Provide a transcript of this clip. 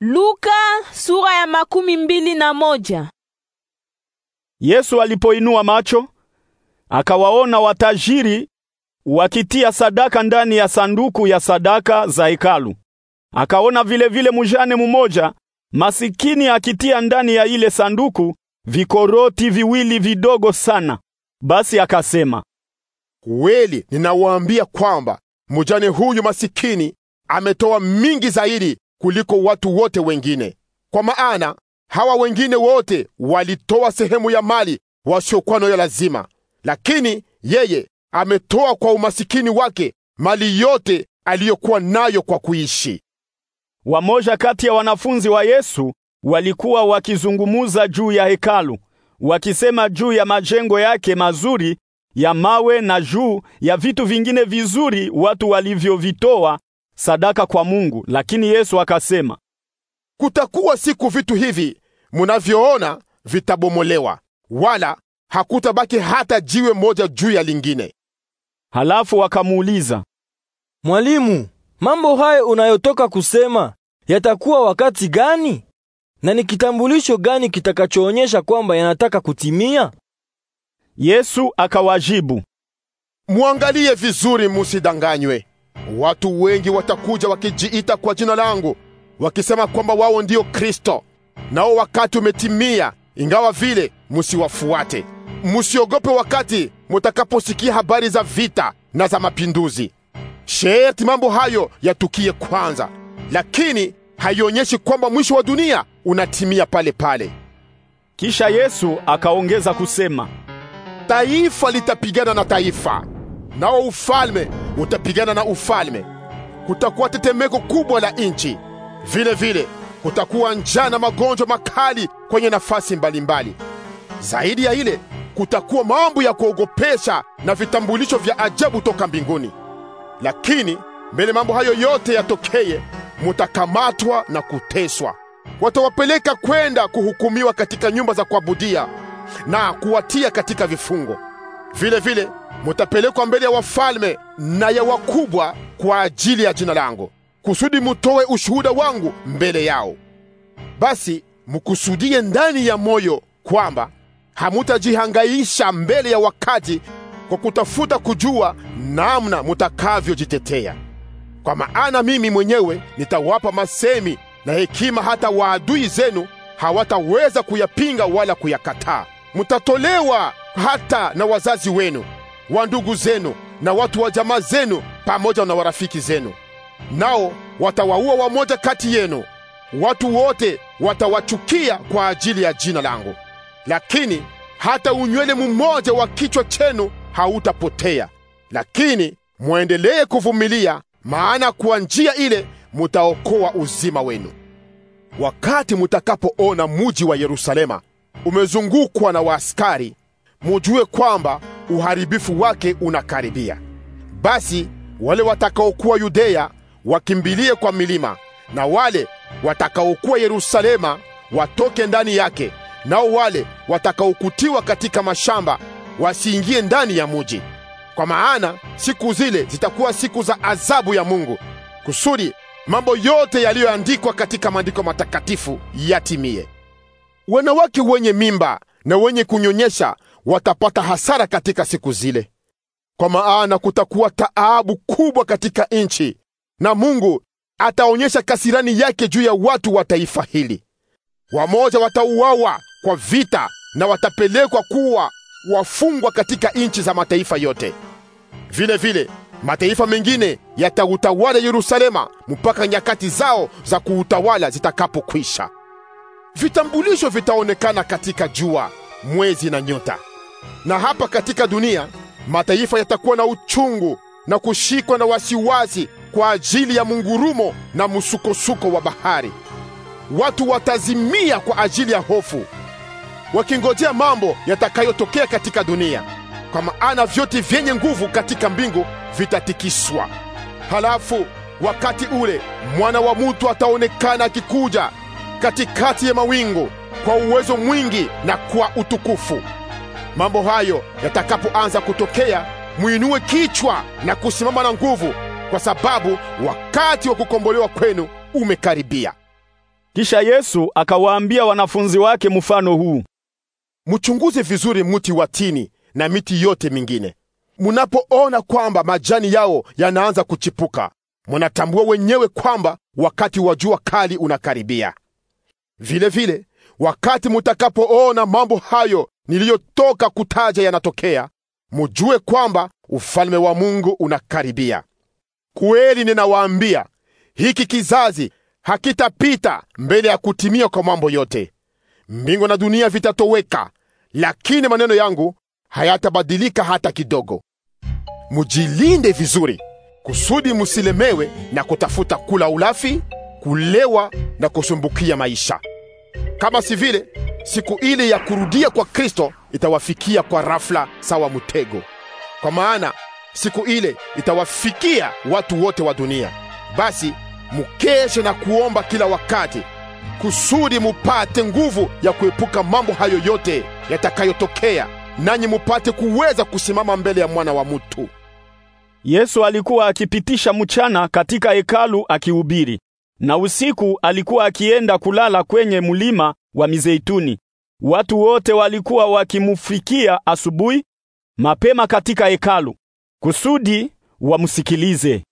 Luka sura ya makumi mbili na moja. Yesu alipoinua macho akawaona watajiri wakitia sadaka ndani ya sanduku ya sadaka za hekalu. Akaona vile vile mujane mumoja masikini akitia ndani ya ile sanduku vikoroti viwili vidogo sana. Basi akasema, kweli ninawaambia kwamba mujane huyu masikini ametoa mingi zaidi kuliko watu wote wengine, kwa maana hawa wengine wote walitoa sehemu ya mali wasiokuwa nayo lazima, lakini yeye ametoa kwa umasikini wake mali yote aliyokuwa nayo kwa kuishi. Wamoja kati ya wanafunzi wa Yesu walikuwa wakizungumuza juu ya hekalu, wakisema juu ya majengo yake mazuri ya mawe na juu ya vitu vingine vizuri watu walivyovitoa sadaka kwa Mungu, lakini Yesu akasema, kutakuwa siku vitu hivi munavyoona vitabomolewa, wala hakutabaki hata jiwe moja juu ya lingine. Halafu wakamuuliza, Mwalimu, mambo hayo unayotoka kusema yatakuwa wakati gani? Na ni kitambulisho gani kitakachoonyesha kwamba yanataka kutimia? Yesu akawajibu, Muangalie vizuri, musidanganywe. Watu wengi watakuja wakijiita kwa jina langu, wakisema kwamba wao ndio Kristo. Nao wakati umetimia, ingawa vile musiwafuate. Musiogope wakati mutakaposikia habari za vita na za mapinduzi. Sheti mambo hayo yatukie kwanza, lakini haionyeshi kwamba mwisho wa dunia unatimia pale pale. Kisha Yesu akaongeza kusema, taifa litapigana na taifa, nao ufalme utapigana na ufalme. Kutakuwa tetemeko kubwa la nchi, vile vile kutakuwa njaa na magonjwa makali kwenye nafasi mbalimbali mbali. Zaidi ya ile kutakuwa mambo ya kuogopesha na vitambulisho vya ajabu toka mbinguni. Lakini mbele mambo hayo yote yatokeye, mutakamatwa na kuteswa. Watawapeleka kwenda kuhukumiwa katika nyumba za kuabudia na kuwatia katika vifungo. Vile vile mutapelekwa mbele ya wafalme na ya wakubwa kwa ajili ya jina langu, kusudi mutoe ushuhuda wangu mbele yao. Basi mkusudie ndani ya moyo kwamba hamutajihangaisha mbele ya wakati kwa kutafuta kujua namna mutakavyojitetea. Kwa maana mimi mwenyewe nitawapa masemi na hekima, hata waadui zenu hawataweza kuyapinga wala kuyakataa. Mutatolewa hata na wazazi wenu wa ndugu zenu na watu wa jamaa zenu pamoja na warafiki zenu, nao watawaua wamoja kati yenu. Watu wote watawachukia kwa ajili ya jina langu, lakini hata unywele mmoja wa kichwa chenu hautapotea. Lakini mwendelee kuvumilia, maana kwa njia ile mutaokoa uzima wenu. Wakati mutakapoona muji wa Yerusalema umezungukwa na waaskari, mujue kwamba uharibifu wake unakaribia. Basi wale watakaokuwa Yudea wakimbilie kwa milima, na wale watakaokuwa Yerusalema watoke ndani yake, nao wale watakaokutiwa katika mashamba wasiingie ndani ya muji. Kwa maana siku zile zitakuwa siku za adhabu ya Mungu, kusudi mambo yote yaliyoandikwa katika maandiko matakatifu yatimie. Wanawake wenye mimba na wenye kunyonyesha watapata hasara katika siku zile, kwa maana kutakuwa taabu kubwa katika nchi, na Mungu ataonyesha kasirani yake juu ya watu wa taifa hili. Wamoja watauawa kwa vita na watapelekwa kuwa wafungwa katika nchi za mataifa yote. Vile vile mataifa mengine yatautawala Yerusalema mpaka nyakati zao za kuutawala zitakapokwisha. Vitambulisho vitaonekana katika jua, mwezi na nyota. Na hapa katika dunia mataifa yatakuwa na uchungu na kushikwa na wasiwasi kwa ajili ya mungurumo na msukosuko wa bahari. Watu watazimia kwa ajili ya hofu, wakingojea mambo yatakayotokea katika dunia, kwa maana vyote vyenye nguvu katika mbingu vitatikiswa. Halafu wakati ule mwana wa mutu ataonekana akikuja katikati ya mawingu kwa uwezo mwingi na kwa utukufu mambo hayo yatakapoanza kutokea, mwinue kichwa na kusimama na nguvu, kwa sababu wakati wa kukombolewa kwenu umekaribia. Kisha Yesu akawaambia wanafunzi wake mfano huu: mchunguze vizuri mti wa tini na miti yote mingine. Munapoona kwamba majani yao yanaanza kuchipuka, munatambua wenyewe kwamba wakati wa jua kali unakaribia. Vilevile vile, Wakati mutakapoona mambo hayo niliyotoka kutaja yanatokea, mujue kwamba ufalme wa Mungu unakaribia. Kweli ninawaambia, hiki kizazi hakitapita mbele ya kutimia kwa mambo yote. Mbingu na dunia vitatoweka, lakini maneno yangu hayatabadilika hata kidogo. Mujilinde vizuri kusudi musilemewe na kutafuta kula ulafi, kulewa na kusumbukia maisha kama si vile, siku ile ya kurudia kwa Kristo itawafikia kwa rafla sawa mtego, kwa maana siku ile itawafikia watu wote wa dunia. Basi mukeshe na kuomba kila wakati, kusudi mupate nguvu ya kuepuka mambo hayo yote yatakayotokea, nanyi mupate kuweza kusimama mbele ya mwana wa mutu. Yesu alikuwa akipitisha mchana katika hekalu akihubiri na usiku alikuwa akienda kulala kwenye mlima wa Mizeituni. Watu wote walikuwa wakimufikia asubuhi mapema katika hekalu kusudi wamsikilize.